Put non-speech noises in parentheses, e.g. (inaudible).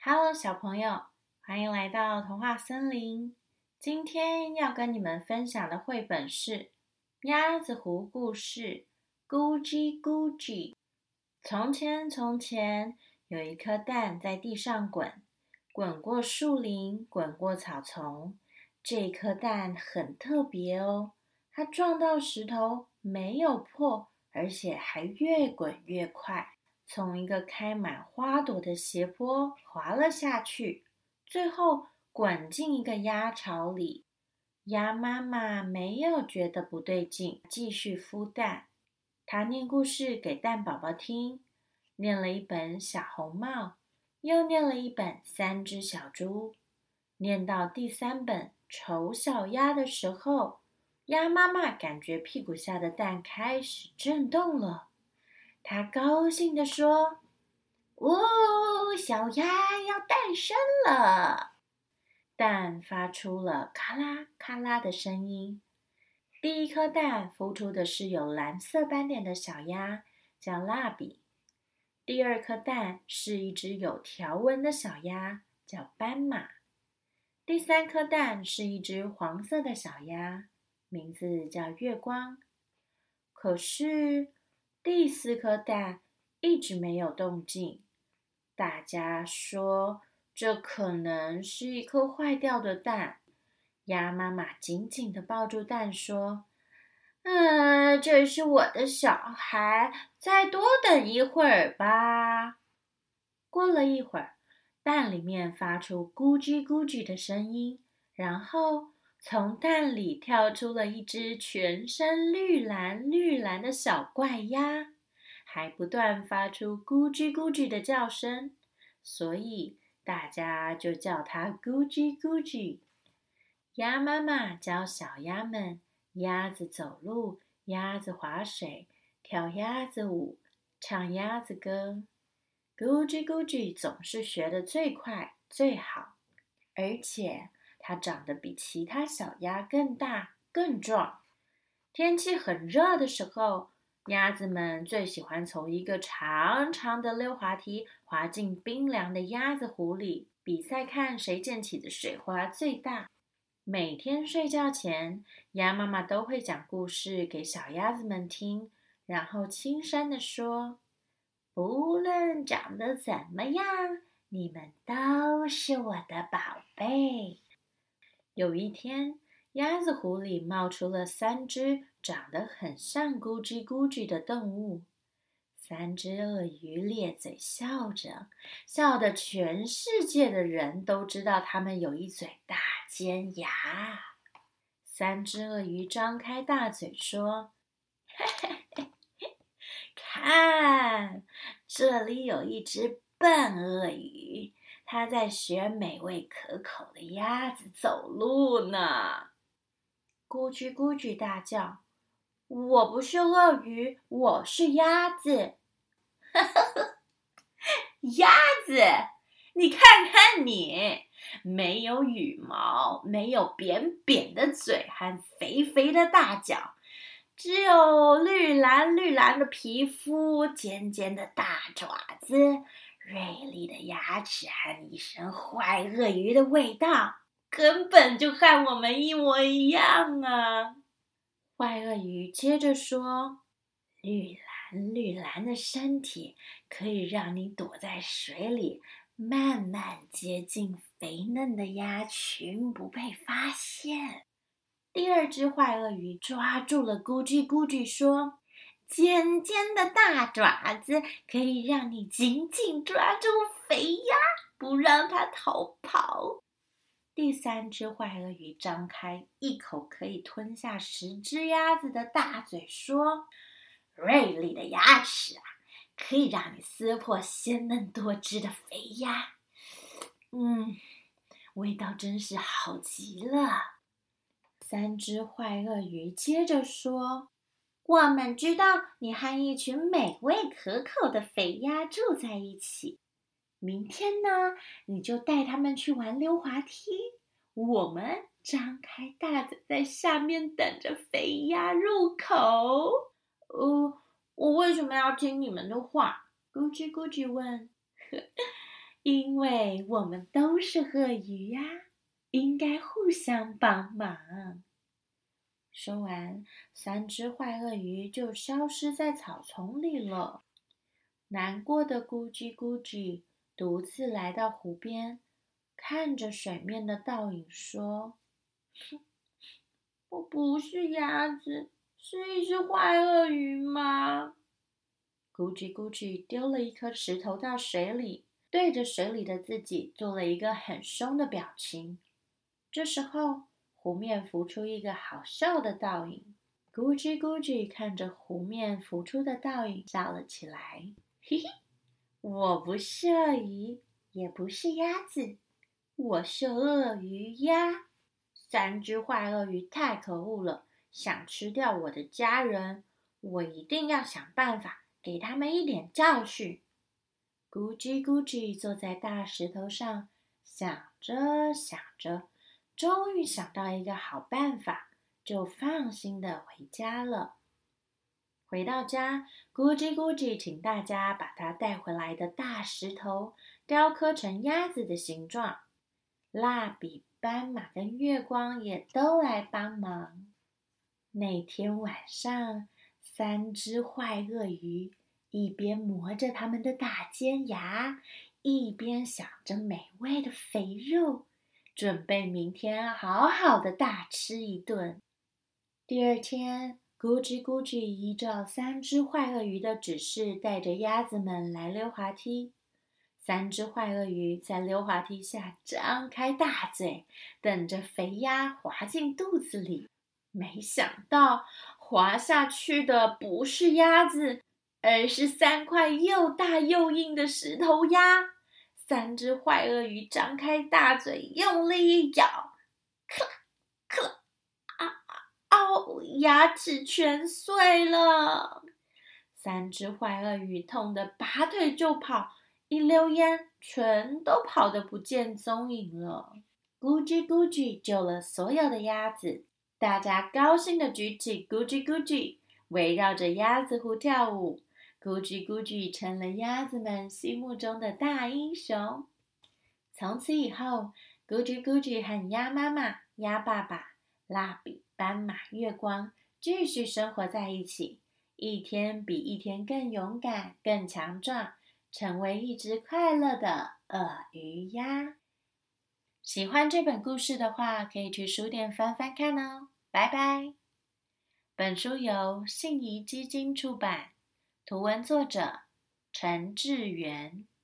Hello，小朋友，歡迎來到童話森林。今天要跟你們分享的繪本是《鴨子湖故事》。咕嘰咕嘰，從前從前有一顆蛋在地上滾，滾過樹林，滾過草叢。這顆蛋很特別哦，它撞到石頭沒有破，而且還越滾越快。從一個開滿花朵的斜坡滑了下去，最後滾進一個鴨巢裡。鴨媽媽沒有覺得不對勁，繼續孵蛋。她念故事給蛋寶寶聽，念了一本《小紅帽》，又念了一本《三隻小豬》。念到第三本《醜小鴨》的時候，鴨媽媽感覺屁股下的蛋開始震動了。他高興地說：“嗚、哦，小鴨要誕生了！”蛋發出了“咔啦咔啦”的聲音。第一顆蛋孵出的是有藍色斑點的小鴨，叫蠟筆；第二顆蛋是一隻有條紋的小鴨，叫斑馬；第三顆蛋是一隻黃色的小鴨，名字叫月光。可是。第四顆蛋一直沒有動靜，大家說這可能是一顆壞掉的蛋。鴨媽媽緊緊的抱住蛋說：“嗯，這是我的小孩，再多等一會兒吧。”過了一會兒，蛋裡面發出咕嘰咕嘰的聲音，然後。從蛋裡跳出了一隻全身綠藍綠藍的小怪鴨，還不斷發出咕嘰咕嘰的叫聲，所以大家就叫它咕嘰咕嘰。鴨媽媽教小鴨們鴨子走路、鴨子划水、跳鴨子舞、唱鴨子歌，咕嘰咕嘰總是學得最快最好，而且。它長得比其他小鴨更大更壯。天氣很熱的時候，鴨子們最喜歡從一個長長的溜滑梯滑進冰涼的鴨子湖裡，比賽看誰濺起的水花最大。每天睡覺前，鴨媽媽都會講故事給小鴨子們聽，然後輕聲地說：“無論長得怎麼樣，你們都是我的寶貝。”有一天，鴨子湖裡冒出了三隻長得很像咕嘰咕嘰的動物。三隻鱷魚咧嘴笑着，笑得全世界的人都知道它們有一嘴大尖牙。三隻鱷魚張開大嘴說：“嘿嘿嘿，看，這裡有一隻笨鱷魚。”它在學美味可口的鴨子走路呢，咕嘰咕嘰大叫。我不是鱷魚，我是鴨子。 (laughs) 鴨子，你看看你，沒有羽毛，沒有扁扁的嘴，還肥肥的大腳，只有綠藍綠藍的皮膚，尖尖的大爪子。銳利的牙齒和一身壞鱷魚的味道，根本就和我們一模一樣啊！壞鱷魚接着說：“綠藍綠藍的身體可以讓你躲在水裡，慢慢接近肥嫩的鴨群，不被發現。”第二隻壞鱷魚抓住了咕嘰咕嘰說。尖尖的大爪子可以讓你緊緊抓住肥鴨，不讓它逃跑。第三只壞鱷魚張開一口可以吞下十只鴨子的大嘴說：“銳利的牙齒啊，可以讓你撕破鮮嫩多汁的肥鴨。嗯，味道真是好極了。”三只壞鱷魚接着說。我們知道你和一群美味可口的肥鴨住在一起。明天呢，你就帶他們去玩溜滑梯。我們張開大嘴，在下面等着肥鴨入口。哦、呃，我為什麼要聽你們的話？咕嘰咕嘰問。 (laughs) 因為我們都是鱷魚呀、啊，應該互相幫忙。說完，三隻壞鱷魚就消失在草叢裡了。難過的咕嘰咕嘰獨自來到湖邊，看着水面的倒影，說：“我不是鴨子，是一隻壞鱷魚嗎？”咕嘰咕嘰丟了一顆石頭到水裡，對着水裡的自己做了一個很凶的表情。這時候。湖面浮出一個好笑的倒影，咕嘰咕嘰看着湖面浮出的倒影笑了起來。嘿嘿，我不是鱷魚，也不是鴨子，我是鱷魚鴨。三只壞鱷魚太可惡了，想吃掉我的家人，我一定要想辦法給他們一點教訓。咕嘰咕嘰坐在大石頭上，想着想着。終於想到一個好辦法，就放心地回家了。回到家，咕嘰咕嘰，請大家把它帶回來的大石頭雕刻成鴨子的形狀。蠟筆、斑馬跟月光也都來幫忙。那天晚上，三只壞鱷魚一邊磨着他們的大尖牙，一邊想着美味的肥肉。準備明天好好的大吃一頓。第二天，咕嘰咕嘰依照三只壞鱷魚的指示，帶着鴨子們來溜滑梯。三只壞鱷魚在溜滑梯下張開大嘴，等着肥鴨滑進肚子裡。沒想到，滑下去的不是鴨子，而是三塊又大又硬的石頭鴨。三隻壞鱷魚張開大嘴，用力一咬，咔咔啊啊、哦！牙齒全碎了。三隻壞鱷魚痛得拔腿就跑，一溜煙全都跑得不見蹤影了。咕嘰咕嘰救了所有的鴨子，大家高興地舉起咕嘰咕嘰，圍繞着鴨子湖跳舞。咕嘰咕嘰成了鴨子們心目中的大英雄。從此以後，咕嘰咕嘰和鴨媽媽、鴨爸爸、蠟筆、斑馬、月光繼續生活在一起，一天比一天更勇敢、更強壯，成為一隻快樂的鱷魚鴨。喜歡這本故事的話，可以去書店翻翻看哦。拜拜。本書由信誼基金出版。圖文作者：陳致元。